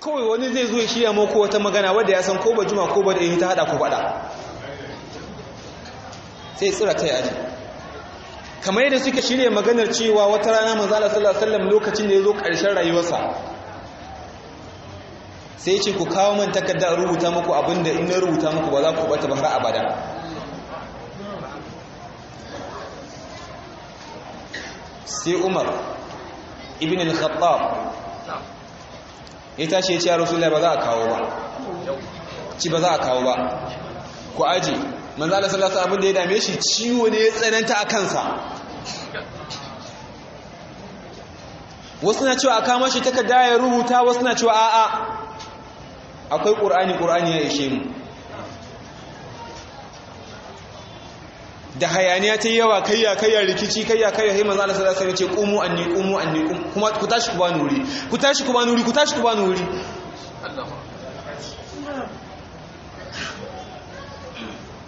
kawai wani zai zo shi ya mako wata magana wadda ya san ko ba juma ko ba da ta hada ko fada sai tsira ta yaji kamar yadda suka shirya maganar cewa wata rana manzo Allah sallallahu alaihi lokacin da ya zo karshen rayuwarsa sai ce ku kawo min takarda rubuta muku abinda in na rubuta muku ba za ku bata ba har abada sai Umar ibn al-Khattab ya tashi ya ce ya ba za a kawo ba ci ba za a kawo ba ku aji manzo Allah sallallahu alaihi abin da ya dame shi ciwo ne ya tsananta a kansa wasu na cewa a kama shi takarda ya rubuta wasu na cewa a'a akwai ƙur'ani qurani ya ishe mu da hayaniya ta yi yawa kayya kayya rikici kayya kayya sai manzo Allah sallallahu alaihi wasallam ya ce qumu anni qumu anni qum kuma ku tashi ku bani wuri ku tashi ku bani wuri ku tashi ku bani wuri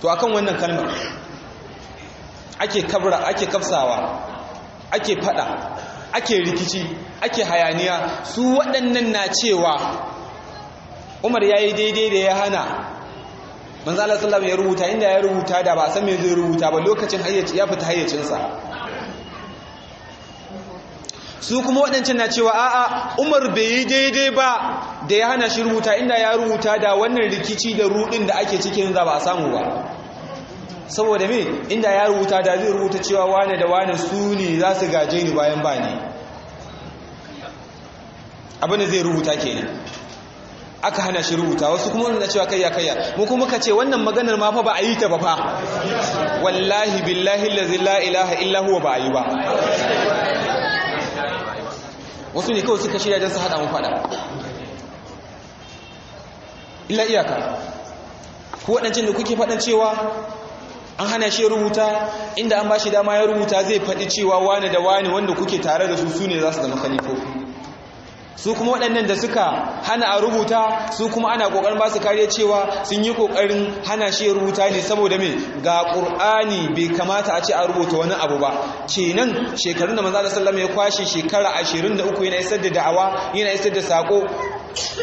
to akan wannan kalmar ake kabra ake kafsawa ake fada ake rikici ake hayaniya su waɗannan na cewa Umar yayi daidai da ya hana manzo Allah sallallahu ya rubuta inda ya rubuta da ba san me zai rubuta ba lokacin hayyaci ya fita hayyacinsa su kuma waɗancan na cewa a'a Umar bai yi daidai ba da ya hana shi rubuta inda ya rubuta da wannan rikici da rudin da ake cikin za ba samu ba saboda me inda ya rubuta da zai rubuta cewa wane da wane su ne za su gaje ni bayan bani. abinda abin zai rubuta kenan aka hana shi rubuta wasu kuma wanda cewa kai ya mu kuma muka ce wannan maganar ma fa ba a yi ta ba fa wallahi billahi allazi la ilaha illa huwa ba a yi ba wasu ne kawai suka shirya don su hada mu fada illa iyaka ku wadancin da kuke fadan cewa an hana shi rubuta inda an ba shi dama ya rubuta zai faɗi cewa wani da wani wanda kuke tare da su su ne za su zama khalifa su kuma waɗannan da suka hana a rubuta su kuma ana ƙoƙarin ba su kariya cewa sun yi ƙoƙarin hana shi rubuta ne saboda mai ga ƙur'ani bai kamata a ce a rubuta wani abu ba kenan shekarun da da sallama ya kwashe shekara ashirin da da'awa yana isar da saƙo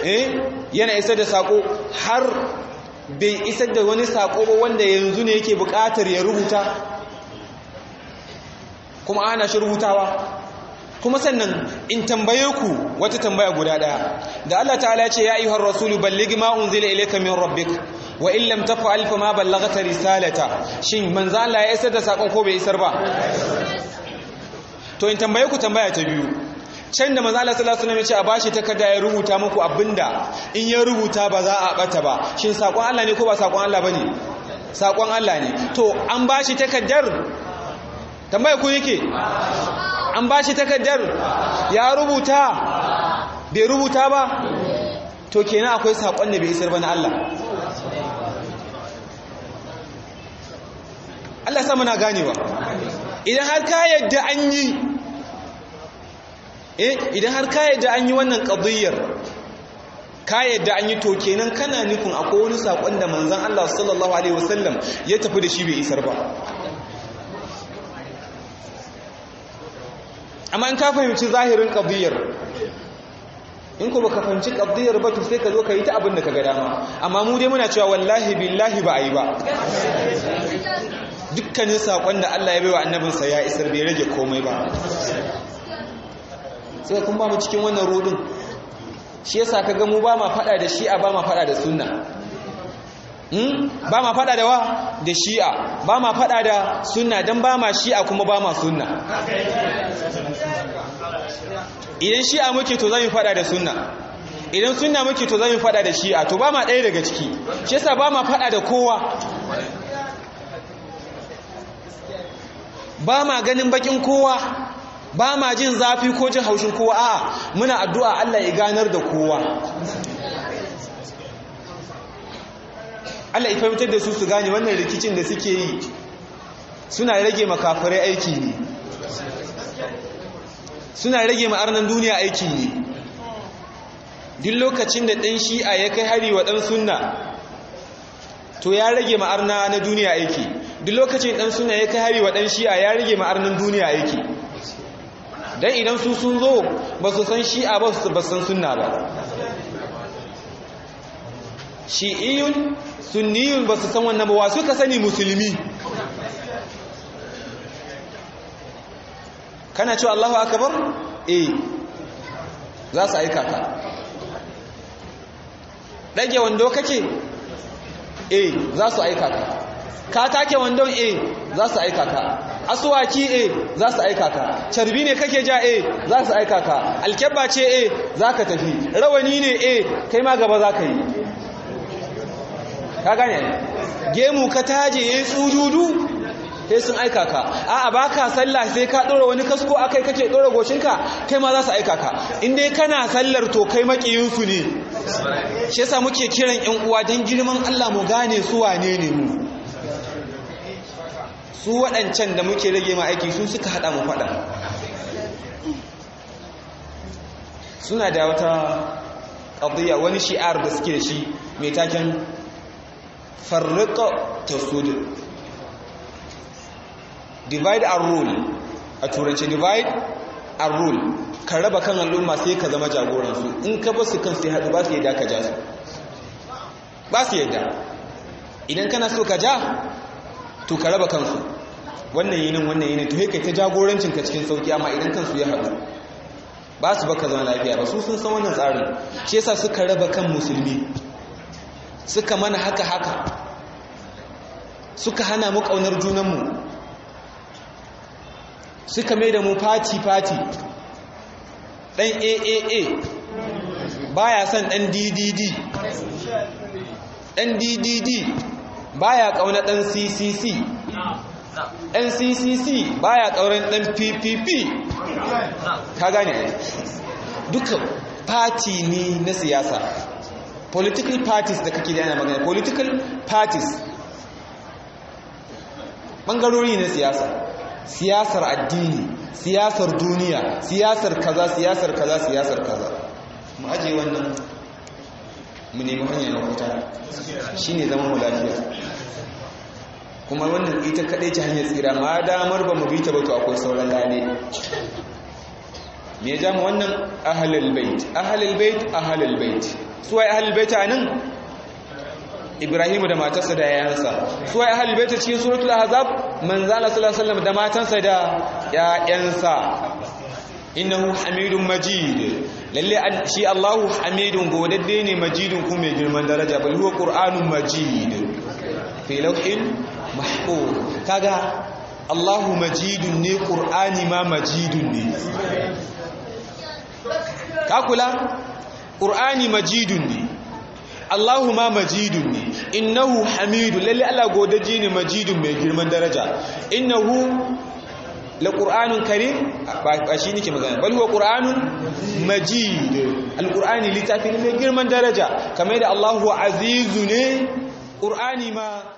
eh, yana isar da saƙo, har bai isar da wani saƙo ba wanda yanzu ne yake buƙatar ya rubuta kuma ana shi rubutawa kuma sannan in tambaye ku wata tambaya guda daya da Allah ta'ala ya ce ya ayyuhar rasulu balligh ma unzila ilayka min rabbik wa in lam taf'al fa ma ballaghta risalata shin manzo Allah ya isar da sakon ko bai isar ba to in tambaye ku tambaya ta biyu can da manzo Allah sallallahu alaihi wasallam ya ce a bashi takarda ya rubuta muku abinda in ya rubuta ba za a bata ba shin sakon Allah ne ko ba sakon Allah bane sakon Allah ne to an bashi takardar tambaya ku yake an ba shi takardar ya rubuta bai rubuta ba to kenan akwai saƙon da bai isar ba na Allah Allah sa muna ganewa idan har ka yadda an yi eh, idan har ka yadda an yi wannan ƙadiyyar ka yadda an yi to kenan kana nufin akwai wani saƙon da manzan Allah sallallahu Alaihi wasallam ya tafi da shi bai isar ba amma in ka fahimci zahirin ƙabdiyar in ku ka fahimci ƙabdiyar ba to sai ka zo ka yi ta abin da ka ga dama amma mu dai muna cewa wallahi billahi ba a yi ba dukkanin saƙon da Allah ya bai wa annabinsa ya isar bai rage komai ba sai kuma mu cikin wannan rodin shi yasa ka gamu ba ma fada da shi'a ba ma faɗa da sunna hmm? ba ma fada da wa da shi'a ba ma fada da sunna don ba ma shi'a kuma ba ma sunna idan shi'a muke to zai fada da sunna idan sunna muke to zai fada da shi'a to ba ma ɗaya daga ciki shi yasa ba ma fada da kowa ba ma ganin bakin kowa ba ma jin zafi ko jin haushin kowa a muna addu'a Allah ya ganar da kowa Allah ya fahimtar da su su gane wannan rikicin da suke yi suna rage makafirai aiki ne suna rage ma'arnan duniya aiki ne. duk lokacin da ɗan shi'a ya kai hari wa ɗan suna to ya rage ma'arna na duniya aiki duk lokacin ɗan suna ya kai hari wa ɗan shi'a ya rage ma'arnan duniya aiki don idan su sun zo ba su san shi'a ba su san suna ba shi'iyun sunniyun ba su san wannan ba wa ka sani musulmi kana cewa Allahu akabar eh za su aika ka ɗage wando kake eh za su aika ka ka take wandon eh za su aika ka asuwaki eh za su aika ka carbi ne kake ja eh za su aika ka alkyabba ce eh za ka tafi rawani ne eh kai ma gaba za ka yi ka gane gemu ka taje ya yi tsujudu? sai sun aika ka a'a ka sallah sai ka ɗora wani kasko a akai kake ɗora goshinka kai ma za su aika ka in dai kana sallar to kai makiyinsu ne shi yasa muke kiran yan uwa don girman Allah mu gane su wane ne mu su waɗancan da muke rage ma aiki su suka haɗa mu faɗa suna da wata ƙaddiya wani shi'ar da suke da shi mai taken farrika ta divide and rule a turanci divide and rule ka raba kan al'umma sai ka zama jagoransu in ka ba su kan sai haɗu ba su yadda ka ja su ba su yadda idan kana so ka ja to ka raba kansu wannan yinin wannan yinin to kai ta jagorancin ka cikin sauki amma idan kansu ya haɗu ba su baka zama lafiya ba su sun san wannan tsarin shi yasa suka raba kan musulmi suka mana haka haka suka hana mu kaunar junanmu suka mai da mu fati-fati ɗan aaa baya son ɗan ddd ɗan ddd baya ƙauna ɗan ccc ɗan ccc baya ƙaunar ɗan ppp ka gane duka fati ne na siyasa political parties da kake daina magana political parties ɓangarori na siyasa siyasar addini siyasar duniya siyasar kaza siyasar kaza siyasar kaza mu aje wannan mu nemi hanyar mafita shine zama mu lafiya kuma wannan ita kadai ce hanyar tsira ma damar ba mu bi ta ba to akwai sauran lane me ya ja wannan ahlul bait ahlul bait ahlul bait su wai ahlul bait anan ibrahim da matarsa da yayansa su ai ahlul bait cikin suratul ahzab manzala sallallahu alaihi wasallam da matansa da yayansa innahu hamidun majid lalle shi Allahu hamidun godadde ne majidun kuma mai girman daraja bal huwa qur'anun majid fi lawhin mahfuz kaga Allahu majidun ne qur'ani ma majidun ne ka kula qur'ani majidun ne Allahumma majidun ne innahu hamidu lalle Allah godaji ne majidun mai girman daraja innahu la qur'anun karim ba shi nake magana bal huwa qur'anun majid alqur'ani littafin mai girman daraja kamar da Allahu azizu ne qur'ani ma